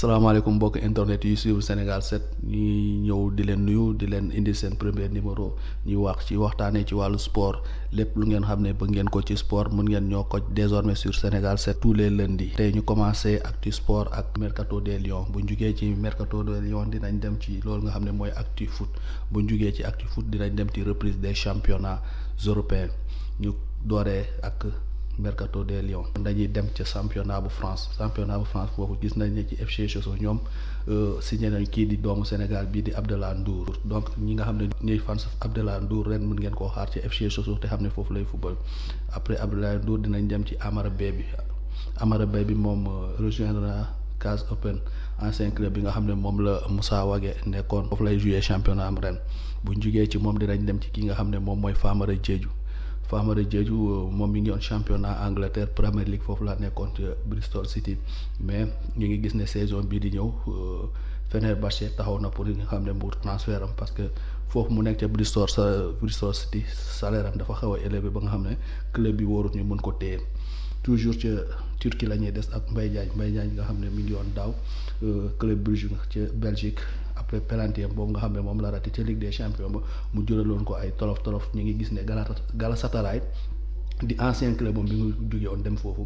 salaamaaleykum mbokk internet yu suivre Sénégal 7 ñuy ñëw di leen nuyu di leen indi seen premier numéro ñuy wax ci waxtaanee ci wàllu sport lépp lu ngeen xam ne bëgg ngeen ko ci sport mun ngeen ñoo ko désormais sur Sénégal 7 tous les lundis tey ñu commencé actu sport ak mercato des Lions bu ñu jugee ci mercato des Lions dinañ dem ci loolu nga xam ne mooy actu foot bu ñu jugee ci actu foot dinañ dem ci reprise de championnats européens ñu dooree ak. mercato des lions dañuy dem ca championnat bu France championnat bu France foofu gis nañ ne ci FC Sochaux ñoom euh, signé nañ kii di doomu Sénégal bii di Abdallah Ndour donc ñi nga xam ne ñuy fans Abdallah Ndour ren mën ngeen koo xaar ci FC Sochaux te xam ne foofu lay football après Abdallah Ndour dinañ dem ci Amara Bay bi Amara Bay bi moom euh, rejoindre na Casa Open ancien club bi nga xam ne moom la Moussa Wagué nekkoon foofu lay jouer championnat am ren bu ñu jugee ci moom dinañ dem ci ki nga xam ne moom mooy Famara Famara Diédhiou euh, moom mi ngi woon championnat Angleterre Premier League foofu laa nekkoon Bristol City mais ñu ngi gis ne saison bii di ñëw euh, Fenerbahçe taxaw na pour nga xam ne mu transfert am parce que foofu mu nekk ca Bristol sa Bristol City salaire dafa xaw a élevé ba nga xam ne club bi warut ñu mën ko téye toujours ca Turquie la ñuy des ak Mbaye Diagne Mbaye Diagne nga xam ne mi ngi yoon daaw euh, club Bruges ca Belgique. après penalty boobu nga xam ne moom la raté ca Ligue des champions ba mu juraloon ko ay tolof tolof ñu ngi gis ne Galata Galatasaray di ancien club moom bi mu jóge woon dem foofu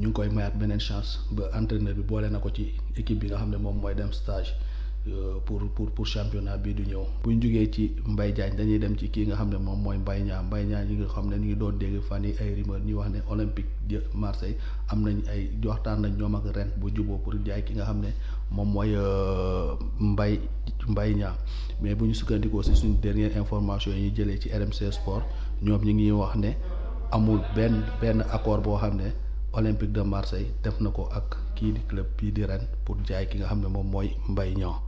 ñu ngi koy mayaat beneen chance ba entraîneur bi boole na ko ci équipe bi nga xam ne moom mooy dem stage Euh, pour pour pour championnat bii du ñëw bu ñu jógee ci Mbaye Diagne dañuy dem ci kii nga xam ne moom mooy Mbaye Niang Mbaye ñi nga xam ne ñu ngi doon dégg fan yi ay rumeur ñuy wax ne Olympique de Marseille am nañ ay waxtaan nañ ñoom ak ren bu juboo pour jaay ki nga xam ne moom mooy euh, Mbaye Mbaye Niang mais bu ñu sukkandikoo si suñu dernière information yi ñu jëlee ci RMC Sport ñoom ñi ngi wax ne amul benn benn accord boo xam ne Olympique de Marseille def na ko ak kii di club bii di ren pour jaay ki nga xam ne moom mooy Mbaye Niang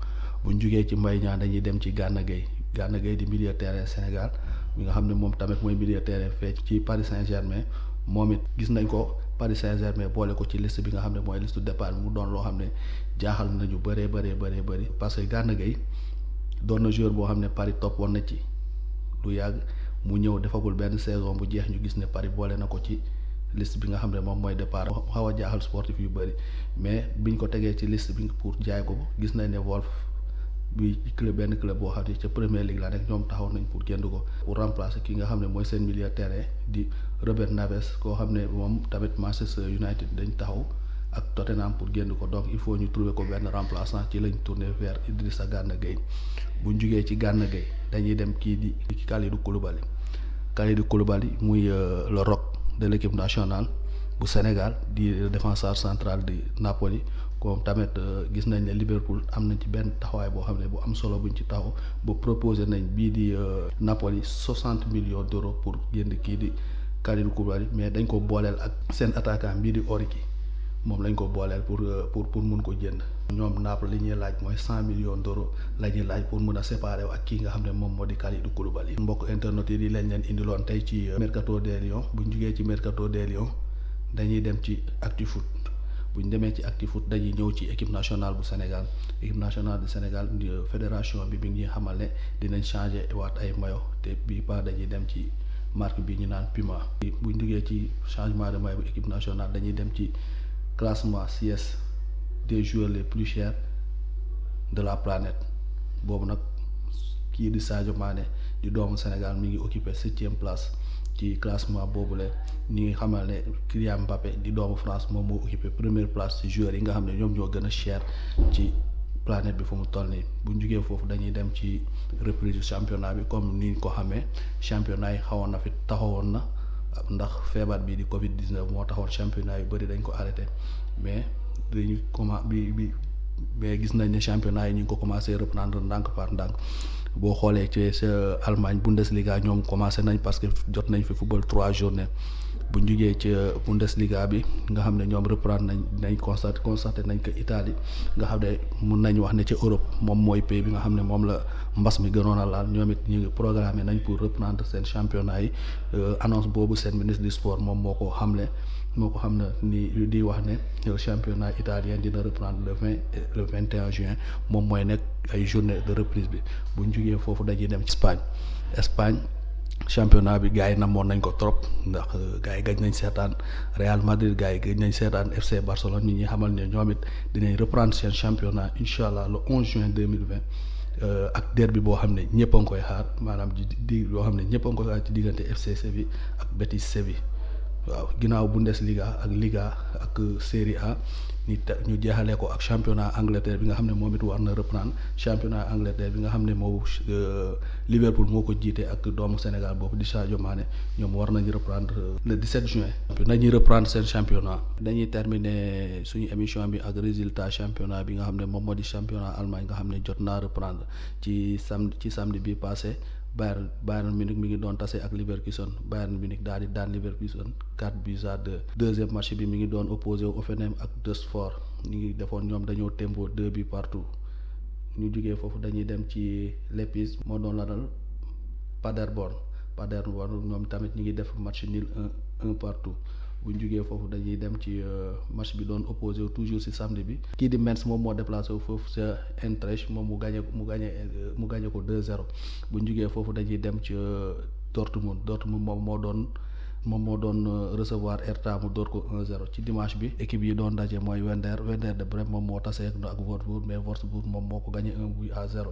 bu ñu jugee ci Mbaye Niang dañuy dem ci Gana Gueye Gana Gueye di milieu terrain Sénégal mi nga xam ne moom tamit mooy millier terrain fee ci Paris Saint-Germain moom it gis nañ ko Paris Saint-Germain boole ko ci liste bi nga xam ne mooy liste départ mu doon xam ne jaaxal nañu bëree bëree bëree bëri parce que Gana Gueye doon na joueur boo xam ne Paris topp na ci lu yàgg mu ñëw defagul benn saison bu jeex ñu gis ne Paris boole na ko ci liste bi nga xam ne moom mooy départ mu xaw a jaaxal sportif yu bëri mais biñ ko tegee ci list bi pour jaay ko gis nañ ne Wolf bi club benn club boo xam ne ca première ligue la nekk ñoom taxaw nañ pour jënd ko pour remplacer ki nga xam ne mooy seen milieu terrain di Robert Naves koo xam ne moom tamit Manchester United dañ taxaw ak Tottenham pour génn ko donc il faut ñu trouver ko benn remplaçant ci lañ tourner vers sa Gana Gueye buñ jugee ci Gana Gueye dañuy dem kii di Kalidou Koulibaly Kalidou Koulibaly muy euh, le roc de l'équipe nationale bu Sénégal di défenseur central di Napoli comme tamit euh, gis nañ ne Liverpool am nañ ci benn taxawaay boo xam ne bu am solo buñ ci taxaw ba proposé nañ bii di euh, Napoli soixante millions d'euros pour génn kii di Kalidou Koulibaly mais dañ ko booleel ak seen attaquant bii di Origi moom lañ ko booleel pour euh, pour pour mun ko jënd ñoom Naples li ñuy laaj mooy cent millions d'euros la ñuy laaj pour mun a séparer ak kii nga xam ne moom moo di Kalidou Koulibaly mbokk internet yi di lañ leen indiloon tey ci mercato des Lions buñ jugee ci mercato des Lions dañuy dem ci Actu bu ñu demee ci ActuFoot dañuy ñëw ci équipe nationale bu Sénégal équipe nationale du Sénégal fédération bi mi ngi xamal ne dinañ changer waat ay mayo te bii ba dañuy dem ci marque bi ñu naan Puma. bu ñu duggee ci changement de mayo bu équipe nationale dañuy dem ci classement CS des joueurs les plus chers de la planète boobu nag kii di Sadio Mané di doomu Sénégal mi ngi occupé septième place. ci classement boobule ñu ngi xamal ne Kylian Mbappé di doomu France moom moo occupé première place ci joueurs yi nga xam ne ñoom ñoo gën a cher ci planète bi fu mu toll nii bu ñu jugee foofu dañuy dem ci reprise championnat bi comme ni ñu ko xamee championnat yi xawoon na fi taxawoon na ndax feebar bii di Covid 19 moo taxoon championnat yu bëri dañ ko arrêté mais dañu comment bi bi mais gis nañ ne championnat yi ñu ngi ko commencé reprendre ndànk par ndànk. boo xoolee ci sa Allemagne Bundesliga ñoom commencé nañ parce que jot nañ fi football trois journées bu ñu jugee ci Bundesliga bi nga xam ne ñoom reprendre nañ nañ constaté constaté nañ ko Italie nga xam ne mun nañ wax ne ci Europe moom mooy pays bi nga xam ne moom la mbas mi gënoon a laal ñoom it ñu ngi programmé nañ pour reprendre seen championnat yi euh, annonce boobu seen ministre du sport moom moo ko ne moo ko xam ne ni di wax ne championnat italien dina reprendre le vingt le vingt et un juin moom mooy nekk ay journée de reprise bi jugee foofu dañuy dem Espagne Espagne championnat bi gars yi namoon nañ ko trop ndax euh, gars yi gëj nañ seetaan Real Madrid gars yi gëj nañ seetaan FC Barcelone ñi ñuy xamal ne ñoom it dinañ reprendre seen championnat incha allah le 11 juin 2020 euh, ak derby boo xam ne ñëpp a ngi koy xaar maanaam di di loo xam ne ñëpp a koy xaar ci diggante FC Séville ak Betis Séville. waaw ginnaaw Bundesliga ak Liga ak Serie A ñu te ñu jeexalee ko ak championnat Angleterre bi nga xam ne moom it war na reprendre championnat Angleterre bi nga xam ne moo euh, Liverpool moo ko jiite ak doomu Sénégal boobu di Sadio Mané ñoom war nañu reprendre euh, le 17 juin. nañuy reprendre seen championnat. dañuy terminer suñu émission bi ak résultat championnat bi nga xam ne moom moo di championnat Allemagne nga xam ne jot naa reprendre ci samedi ci samedi bi passé. Bayern Bayern Munich mi ngi doon tase ak Leverkusen Bayern Munich daal di daan Leverkusen 4 buts à 2 deuxième match bi mu ngi doon opposé wu Hoffenheim ak for ñu ngi defoon ñoom dañoo témboo deux buts partout ñu jógee foofu dañuy dem ci Leipzig moo doon lanal Paderborn Paderborn ñoom tamit ñu ngi def match nul un un partout bu ñu jugee foofu dañuy dem ci euh, match bi doon opposé toujours si samedi bi kii di Metz moom moo déplacé wu foofu sa Eintracht moom mu gagné mu gañe euh, mu gagné ko deux 0 bu ñu jugee foofu dañuy dem ci euh, Dortmund Dortmund moom moo doon moom moo doon recevoir erta mu door ko 1-0 ci dimanche bi équipe yi doon daje mooy Werder Werder de Brême moom moo tasee ak Wolfsburg mais Wolfsburg moom moo ko gagné 1 but à 0.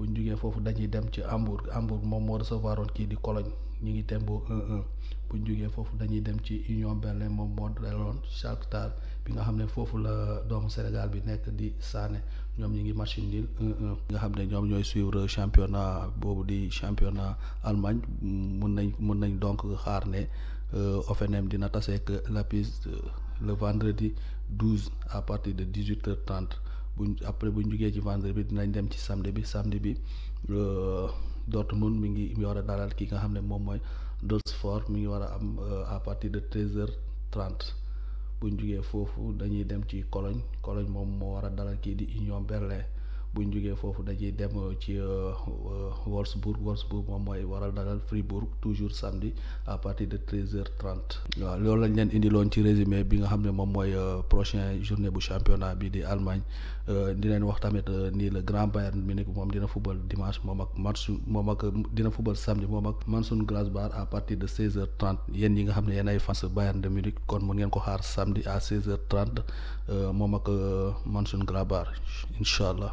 bu ñu jugee foofu dañuy dem ci Hambourg Hambourg moom moo recevoir woon kii di Cologne ñu ngi tembo 1-1 bu ñu jugee foofu dañuy dem ci Union Berlin moom moo daloon Shakhtar bi nga xam ne foofu la doomu Sénégal bi nekk di Sané ñoom ñi ngi match nul 1 nga xam ne ñoom ñooy suivre championnat boobu di championnat Allemagne mun nañ mun nañ donc xaar ne Hoffenheim euh, dina taseek Leipzig euh, le vendredi 12 à partir de 18h30. buñ après buñ jugee ci vendredi bi dinañ dem ci samedi bi samedi bi euh, Dortmund mi ngi mi war a dalal ki nga xam ne moom mooy Dulsfort mi ngi war a am euh, à partir de treize heures trente buñ jugee foofu dañuy dem ci koloñ koloñ moom moo war a dalal kii di Union Berlin. bu ñu jugee foofu dañuy dem euh, ci euh, euh, Wolfsburg Wolfsburg moom mooy waral dalal Fribourg toujours samedi à partir de treize heures trente. waaw loolu lañ leen indiloon ci résumé bi nga xam ne moom mooy prochain journée bu championnat bi di Allemagne di leen wax tamit nii la Grand Bayern Munich moom dina football dimanche moom ak match moom ak dina football samedi moom ak Mönchengladbach à partir de seize heures trente yéen ñi nga xam ne yéen ay fans Bayern de Munich kon mun ngeen ko xaar samedi à seize heures trente moom ak Mönchengladbach incha allah.